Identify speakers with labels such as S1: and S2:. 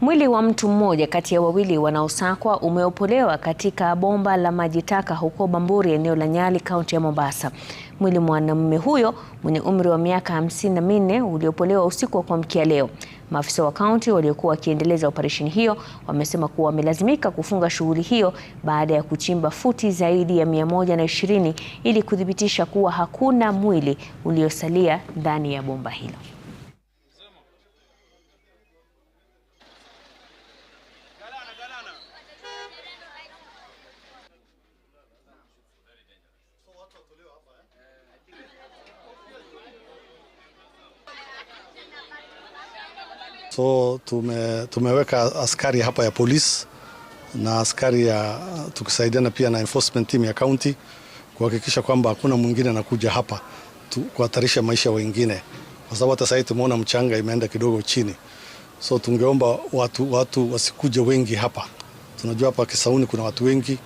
S1: Mwili wa mtu mmoja kati ya wawili wanaosakwa umeopolewa katika bomba la maji taka huko Bamburi, eneo la Nyali, kaunti ya Mombasa. Mwili mwanamume huyo mwenye umri wa miaka hamsini na minne uliopolewa usiku wa kuamkia leo. Maafisa wa kaunti waliokuwa wakiendeleza operesheni hiyo wamesema kuwa wamelazimika kufunga shughuli hiyo baada ya kuchimba futi zaidi ya 120 ili kuthibitisha kuwa hakuna mwili uliosalia ndani ya bomba hilo.
S2: So tume, tumeweka askari hapa ya polisi na askari ya tukisaidiana pia na enforcement team ya county kuhakikisha kwamba hakuna mwingine anakuja hapa kuhatarisha maisha wengine, kwa sababu hata sasa tumeona mchanga imeenda kidogo chini, so tungeomba watu, watu wasikuje wengi hapa. Tunajua hapa Kisauni kuna watu wengi.